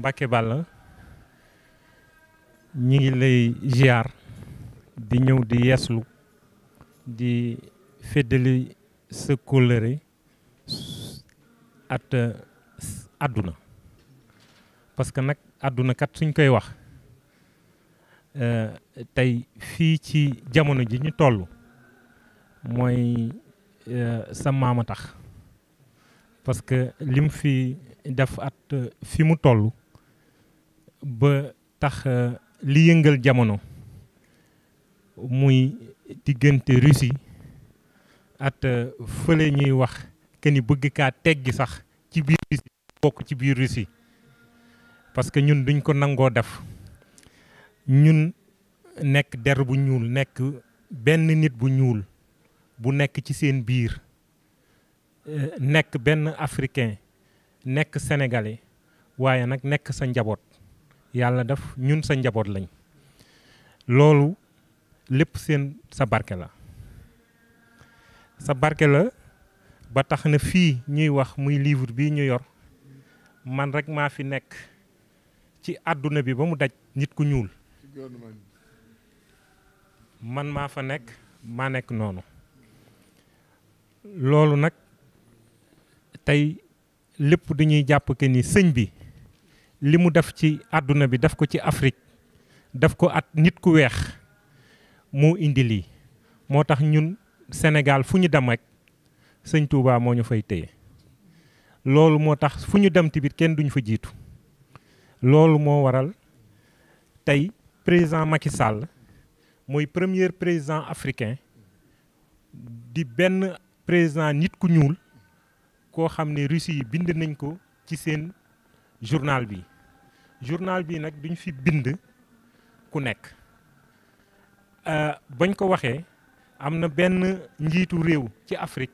Mbacke Balla ñi ngi lay giar di ñëw di yeeslu di feddali sa kóllëre at àdduna parce que nag àdduna kat suñ koy wax euh, tey fii ci jamono ji ñu toll mooy euh, sa maam a tax parce que lim fi def at fi mu toll ba tax euh, li yëngal jamono muy diggante Russie at euh, fële ñuy wax que ni bëgg kaa teggi sax ci biir Russie bokk ci biir Russie parce que ñun duñ ko nangoo def ñun nekk der bu ñuul nekk benn nit bu ñuul bu nekk ci seen biir euh, nekk benn africain nekk sénégalais waaye nag nekk sa njaboot yàlla def ñun sa njaboot lañ loolu lépp seen sa barke la sa barke la ba tax na fii ñuy wax muy livre bii ñu yor man rekk maa fi nekk ci àdduna bi ba mu daj nit ku ñuul man maa fa nekk maa nekk noonu loolu nag tey lépp dañuy jàpp que ni sëñ bi li mu def ci àdduna bi daf ko ci Afrique daf ko at nit ku weex moo indi lii moo tax ñun Sénégal fu ñu dem rek sëñ Touba moo ñu fay téye loolu moo tax fu ñu dem tamit kenn duñu fa jiitu loolu moo waral tey président Macky Sall mooy premier président africain di benn président nit ku ñuul koo xam ne Russie yi bind nañ ko ci seen journal bi journal bi nag duñ fi bind ku nekk euh, bañ ko waxee am na benn njiitu réew ci Afrique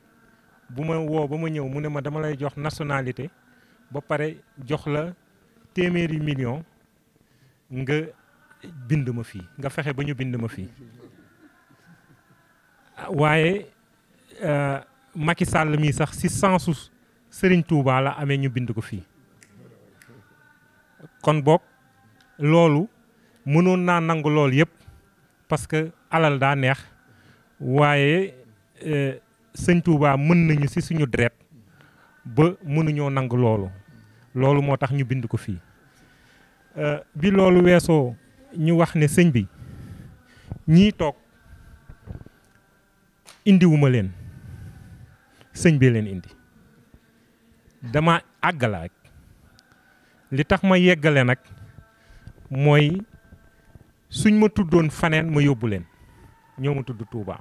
bu ma woo ba ma ñëw mu ne ma dama lay jox nationalité ba pare jox la téeméeri million nga bind ma fii nga fexe ba ñu bind ma fii waaye euh, Macky Sall mii sax si sensu Serigne Touba la amee ñu bind ko fii kon boog loolu mënoon naa nangu lool yëpp parce que alal daa neex waaye euh, sëñ Touba mën nañu si suñu deret ba mënuñoo nangu loolu loolu moo tax ñu bind ko fii euh, bi loolu weesoo ñu wax ne sëñ bi ñii toog indiwuma leen sëñ bi leen indi dama àggala rek li tax ma yeggale nag mooy suñ ma tuddoon faneen ma yóbbu leen ñoo ma tudd tuubaa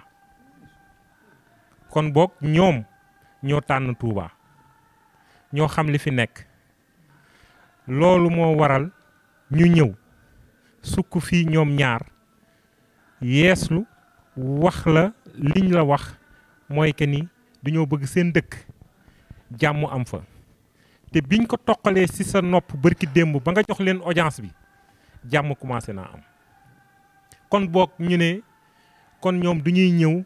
kon boog ñoom ñoo tànn tuubaa ñoo xam li fi nekk loolu moo waral ñu ñëw sukk fii ñoom ñaar yeeslu wax la liñ la wax mooy que ni dañoo bëgg seen dëkk jàmmu am fa te biñ ko toqalee ci sa nopp bërki démb ba nga jox leen audience bi jàmm commencé naa am kon boog ñu ne kon ñoom du ñuy ñëw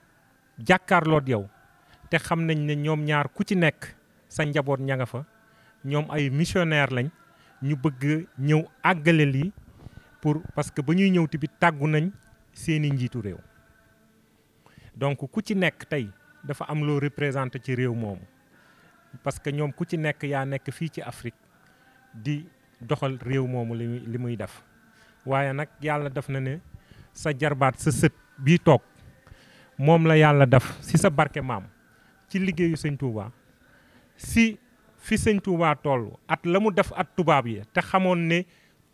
jàkkaarloot yow te xam nañ ne ñoom ñaar ku ci nekk sa njaboot ña nga fa ñoom ay missionnaire lañ ñu bëgg ñëw àggale lii pour parce que ba ñuy ñëw tamit tàggu nañ seeni njiitu réew donc ku ci nekk tey dafa am loo représenté ci réew moomu parce que ñoom ku ci nekk yaa nekk fii ci Afrique di doxal réew moomu li muy def waaye nag yàlla def na ne sa jarbaat sa sët bii toog moom la yàlla def si sa barke maam ci liggéeyu sëñ Touba si fi sëñ Touba toll at la mu def at tubaab yi te xamoon ne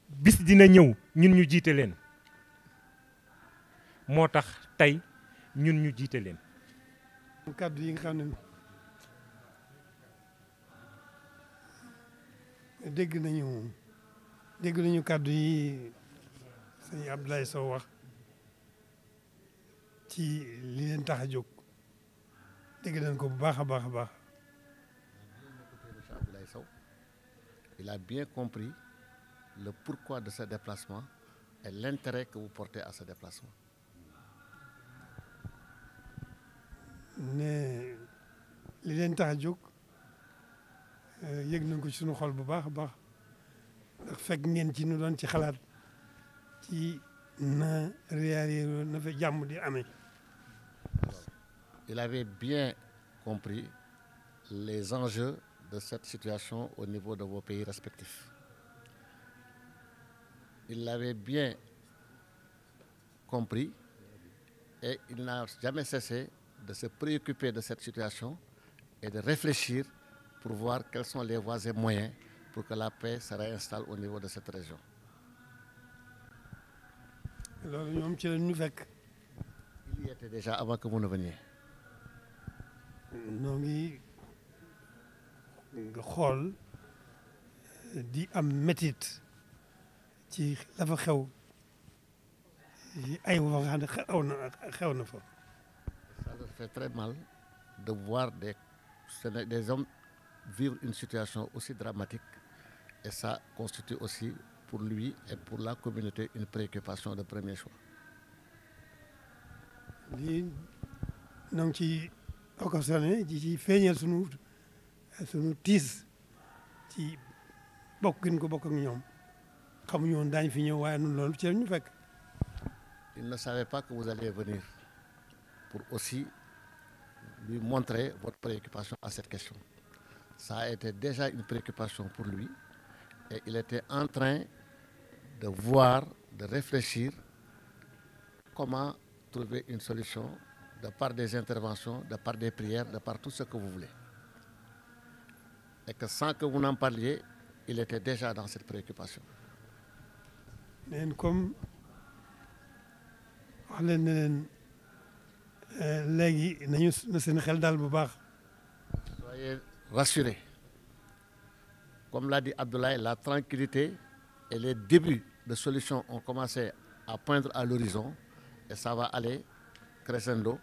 bis dina ñëw ñun ñu jiite leen moo tax tey ñun ñu jiite leen. dégg nañu dégg nañu kàddu yi sëñ Abdoulaye Sow wax ci li leen tax a jóg dégg nañ ko bu baax a baax a baax. Abdoulaye Sow il a bien compris le pourquoi de sa déplacement et l'intérêt que vous portez à ce déplacement. ne li leen tax a jóg. Euh, yëg nañ ko ci suñu xol bu baax a baax ndax fekk ngeen ci nu doon ci xalaat ci na réaliser na fa jàmm di amee. il avait bien compris les enjeux de cette situation au niveau de vos pays respectifs. Il l'avait bien compris et il n'a jamais cessé de se préoccuper de cette situation et de réfléchir pour voir quelles sont les voies et moyens pour que la paix se réinstalle au niveau de cette région. loolu ñoom ci la ñu fekk. il y était déjà avant que vous ne veniez. ñoo ngi xool di am métit ci la fa xew ay wax nga xew na fa. ça leur fait très mal de voir des hommes. vivre une situation aussi dramatique et ça constitue aussi pour lui et pour la communauté une préoccupation de premier choix. lii na nga ci occasionné ji ci feeñal sunu sunu tiis ci bokk gën ko bokk ak ñoom xamuñu woon fi ñëw waaye noonu loolu ci ñu fekk. il ne savait pas que vous alliez venir pour aussi lui montrer votre préoccupation à cette question. ça était déjà une préoccupation pour lui et il était en train de voir, de réfléchir comment trouver une solution de par des interventions, de par des prières, de par tout ce que vous voulez. Et que sans que vous n'en parliez, il était déjà dans cette préoccupation. neen comme wax euh, nañu na seen xel daal bu baax rassurés. Comme l'a dit Abdoulaye, la tranquillité et les débuts de solutions ont commencé à poindre à l'horizon et ça va aller crescendo.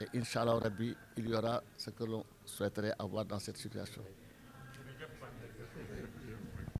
Et Inch'Allah, Rabbi, il y aura ce que l'on souhaiterait avoir dans cette situation.